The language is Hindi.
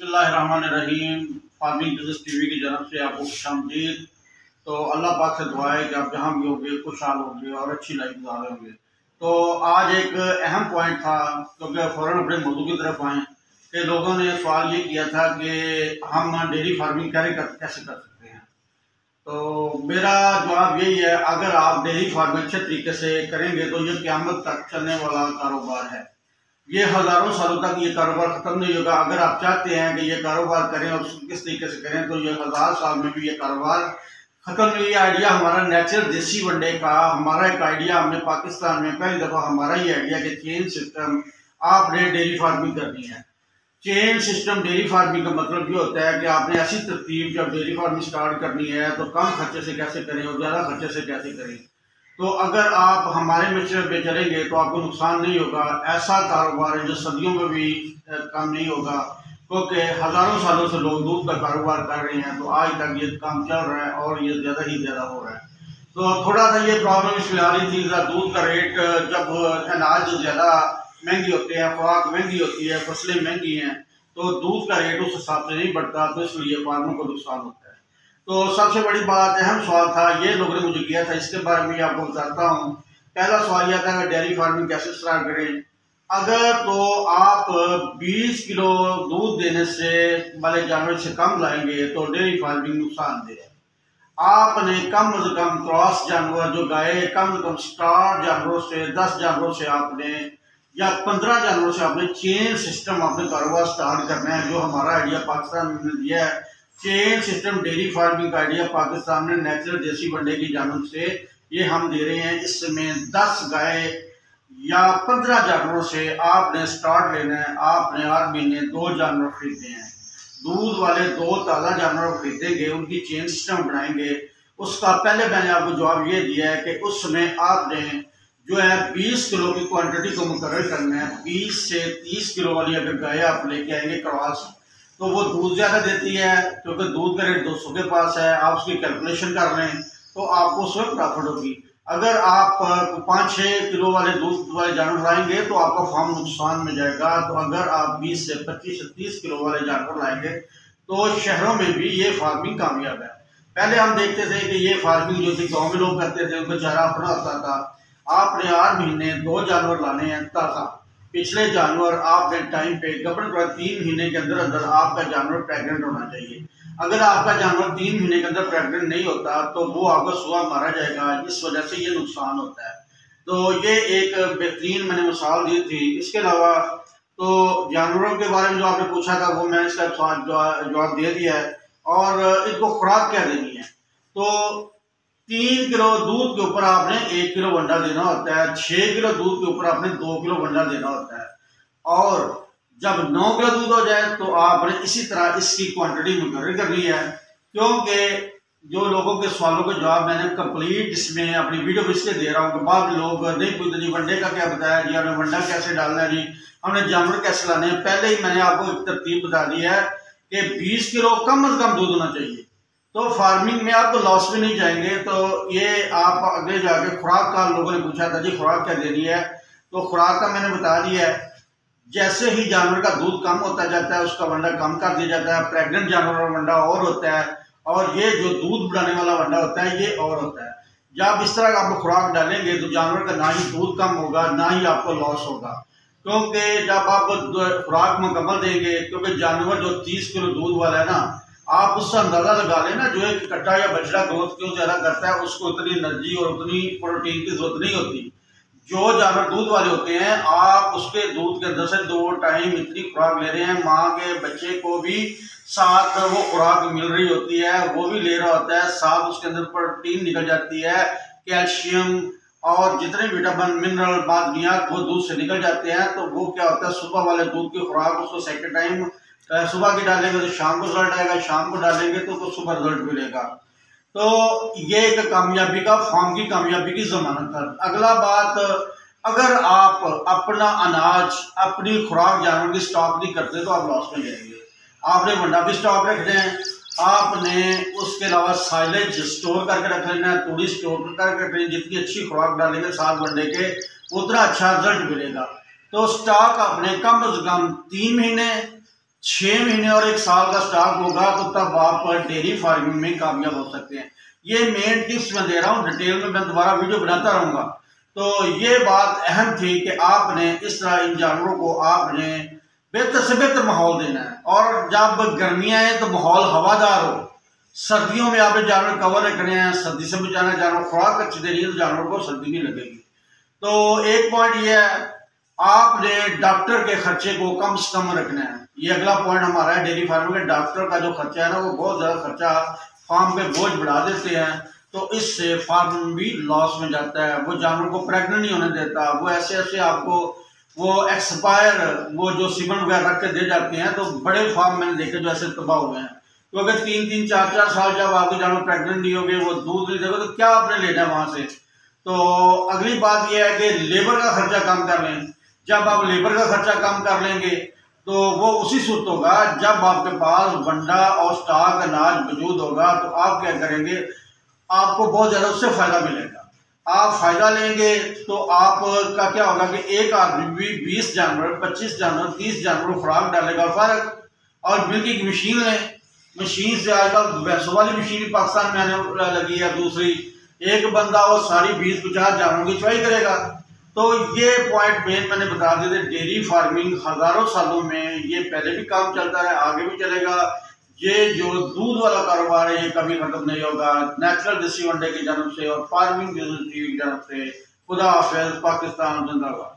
रहीम फार्मिंग बिजनेस टीवी की जनब से आपको खुश आमदीद तो अल्लाह पाक से दुआ है कि आप जहाँ भी होंगे खुशहाल होंगे और अच्छी लाइफ गुजार होंगे तो आज एक अहम पॉइंट था क्योंकि तो फ़ौरन अपने मुद्दों की तरफ आए कि लोगों ने सवाल ये किया था कि हम डेयरी फार्मिंग कैसे कर कैसे कर सकते हैं तो मेरा जवाब यही है अगर आप डेयरी फार्मिंग अच्छे तरीके से करेंगे तो ये क्यामत तक चलने वाला कारोबार है ये हज़ारों सालों तक ये कारोबार ख़त्म नहीं होगा अगर आप चाहते हैं कि ये कारोबार करें और किस तरीके से करें तो ये हज़ार साल में भी ये कारोबार ख़त्म नहीं ये आइडिया हमारा नेचुरल देसी वनडे का हमारा एक आइडिया हमने पाकिस्तान में पहली दफ़ा हमारा ये आइडिया कि चेन सिस्टम आपने डेयरी फार्मिंग करनी है चेन सिस्टम डेयरी फार्मिंग का मतलब ये होता है कि आपने ऐसी तरतीब जब डेयरी फार्मिंग स्टार्ट करनी है तो कम खर्चे से कैसे करें और ज़्यादा खर्चे से कैसे करें तो अगर आप हमारे मिश्र पे चलेंगे तो आपको नुकसान नहीं होगा ऐसा कारोबार है जो सदियों में भी काम नहीं होगा क्योंकि हज़ारों सालों से लोग दूध का कारोबार कर रहे हैं तो आज तक ये काम चल रहा है और ये ज़्यादा ही ज़्यादा हो रहा है तो थोड़ा सा ये प्रॉब्लम इसलिए आ रही थी दूध का रेट जब अनाज ज़्यादा महंगी होते हैं खुराक महंगी होती है फसलें महंगी हैं तो दूध का रेट उस हिसाब से नहीं बढ़ता तो इसलिए फार्मों को नुकसान होता है तो सबसे बड़ी बात अहम सवाल था ये लोगों ने मुझे किया था इसके बारे में आपको बताता हूँ पहला सवाल यह था कि डेयरी फार्मिंग कैसे स्टार्ट करें अगर तो आप 20 किलो दूध देने से वाले जानवर से कम लाएंगे तो डेयरी फार्मिंग नुकसान दे आपने कम से कम क्रॉस जानवर जो गाय कम से कम स्टार जानवरों से दस जानवरों से आपने या पंद्रह जानवरों से आपने चेन सिस्टम आपने कारोबार स्टार्ट करना है जो हमारा आइडिया पाकिस्तान में दिया है चेन सिस्टम डेयरी फार्मिंग का आइडिया पाकिस्तान में नेचुरल देसी बंडे की जानव से ये हम दे रहे हैं इसमें दस गाय या पंद्रह जानवरों से आपने स्टार्ट लेना है आपने हर महीने दो जानवर खरीदने हैं दूध वाले दो ताज़ा जानवर खरीदेंगे उनकी चेन सिस्टम बनाएंगे उसका पहले मैंने आपको जवाब ये दिया है कि उसमें आपने जो है बीस किलो की क्वान्टिटी को मुकर करना है बीस से तीस किलो वाली अगर गाय आप लेके आएंगे करवा सकते तो वो दूध ज़्यादा देती है क्योंकि दूध का रेट 200 के पास है आप उसकी कैलकुलेशन कर रहे हैं तो आपको उसमें प्रॉफिट होगी अगर आप पाँच छः किलो वाले दूध वाले जानवर लाएंगे तो आपका फार्म नुकसान में जाएगा तो अगर आप बीस से पच्चीस से तीस किलो वाले जानवर लाएंगे तो शहरों में भी ये फार्मिंग कामयाब है पहले हम देखते थे कि ये फार्मिंग जो थी गाँव में लोग करते थे उनको चारा अपना आता था आपने हर महीने दो जानवर लाने हैं तथा पिछले जानवर आपने टाइम पे कपड़े पर तीन महीने के अंदर अंदर आपका जानवर प्रेग्नेंट होना चाहिए अगर आपका जानवर तीन महीने के अंदर प्रेग्नेंट नहीं होता तो वो आपको सुबह मारा जाएगा इस वजह से ये नुकसान होता है तो ये एक बेहतरीन मैंने मिसाल दी थी इसके अलावा तो जानवरों के बारे में जो आपने पूछा था वो मैंने इसका जवाब दे दिया है और इसको खुराक क्या देनी है तो तीन किलो दूध के ऊपर आपने एक किलो अंडा देना होता है छह किलो दूध के ऊपर आपने दो किलो अंडा देना होता है और जब नौ किलो दूध हो जाए तो आपने इसी तरह इसकी क्वांटिटी मुकर करनी है क्योंकि जो लोगों के सवालों के जवाब मैंने कंप्लीट इसमें अपनी वीडियो में इसलिए दे रहा हूँ कि बाद लोग नहीं पूछते तो जी वंडे का क्या बताया जी हमें वंडा कैसे डालना है जी हमने जानवर कैसे लाने पहले ही मैंने आपको एक तरतीब बता दी है कि 20 किलो कम अज कम दूध होना चाहिए तो फार्मिंग में आप तो लॉस में नहीं जाएंगे तो ये आप आगे जाके खुराक का लोगों ने पूछा था जी खुराक क्या दे रही है तो खुराक का मैंने बता दिया है जैसे ही जानवर का दूध कम होता जाता है उसका वंडा कम कर दिया जाता है प्रेग्नेंट जानवर का वंडा और होता है और ये जो दूध बढ़ाने वाला वंडा होता है ये और होता है जब इस तरह आप खुराक डालेंगे तो जानवर का ना ही दूध कम होगा ना ही आपको लॉस होगा क्योंकि जब आप खुराक मुकम्मल देंगे क्योंकि जानवर जो तीस किलो दूध वाला है ना आप उससे अंदाजा लगा लेना जो एक कट्टा या बछड़ा ग्रोथ क्यों ज्यादा करता है उसको उतनी एनर्जी और उतनी प्रोटीन की जरूरत नहीं होती जो जानवर दूध वाले होते हैं आप उसके दूध के अंदर से दो टाइम इतनी खुराक ले रहे हैं माँ के बच्चे को भी साथ वो खुराक मिल रही होती है वो भी ले रहा होता है साथ उसके अंदर प्रोटीन निकल जाती है कैल्शियम और जितने विटामिन मिनरल बाद वो दूध से निकल जाते हैं तो वो क्या होता है सुबह वाले दूध की खुराक उसको सेकेंड टाइम तो सुबह की डालेंगे तो शाम को रिजल्ट आएगा शाम को डालेंगे तो, तो सुबह रिजल्ट मिलेगा तो ये एक कामयाबी का फॉर्म की कामयाबी की जमानत है अगला बात अगर आप अपना अनाज अपनी खुराक जानवर की स्टॉक नहीं करते तो आप लॉस में जाएंगे आपने मंडा भी स्टॉक रख दें आपने उसके अलावा साइलेज स्टोर करके रख लेना है तूड़ी स्टोर करके रख लेना जितनी अच्छी खुराक डालेंगे सात मंडे के उतना अच्छा रिजल्ट मिलेगा तो स्टॉक आपने कम अज कम तीन महीने छह महीने और एक साल का स्टॉक होगा तो तब आप डेयरी फार्मिंग में कामयाब हो सकते हैं ये मेन टिप्स मैं दे रहा हूँ डिटेल में मैं दोबारा वीडियो बनाता रहूंगा तो ये बात अहम थी कि आपने इस तरह इन जानवरों को आपने बेहतर से बेहतर माहौल देना है और जब गर्मियां हैं तो माहौल हवादार हो सर्दियों में आपने जानवर कवर रखने हैं सर्दी से बचाना जानवर खुराक अच्छी दे रही है तो जानवर को सर्दी नहीं लगेगी तो एक पॉइंट ये है आपने डॉक्टर के खर्चे को कम से कम रखना है ये अगला पॉइंट हमारा है डेयरी फार्म के डॉक्टर का जो खर्चा है ना वो बहुत ज़्यादा खर्चा फार्म पे बोझ बढ़ा देते हैं तो इससे फार्म भी लॉस में जाता है वो जानवर को प्रेग्नेंट नहीं होने देता वो ऐसे ऐसे आपको वो एक्सपायर वो जो सीमेंट वगैरह रख के दे जाते हैं तो बड़े फार्म मैंने देखे जो ऐसे तबाह हुए हैं क्योंकि तो तीन तीन चार चार साल जब आपके जानवर प्रेग्नेंट नहीं हो गए वो दूध नहीं देगा तो क्या आपने लेना है वहां से तो अगली बात यह है कि लेबर का खर्चा कम कर लें जब आप लेबर का खर्चा कम कर लेंगे तो वो उसी सूरत होगा जब आपके पास बंडा और स्टॉक अनाज मौजूद होगा तो आप क्या करेंगे आपको बहुत ज़्यादा उससे फ़ायदा मिलेगा आप फ़ायदा लेंगे तो आपका क्या होगा कि एक आदमी भी बीस जानवर पच्चीस जानवर तीस जानवर खुराक डालेगा फ़र्क और बिल्कुल एक मशीन है मशीन से आजकल भैंसों वाली मशीन पाकिस्तान में आने लगी है दूसरी एक बंदा वो सारी बीस पचास जानवरों की चुवाई करेगा तो ये पॉइंट मेन मैंने बता दिए थे डेयरी फार्मिंग हज़ारों सालों में ये पहले भी काम चलता है आगे भी चलेगा ये जो दूध वाला कारोबार है ये कभी खत्म नहीं होगा नेचुरल देसी अंडे की जन्म से और फार्मिंग की जन्म से खुदा हाफिज पाकिस्तान जिंदाबाद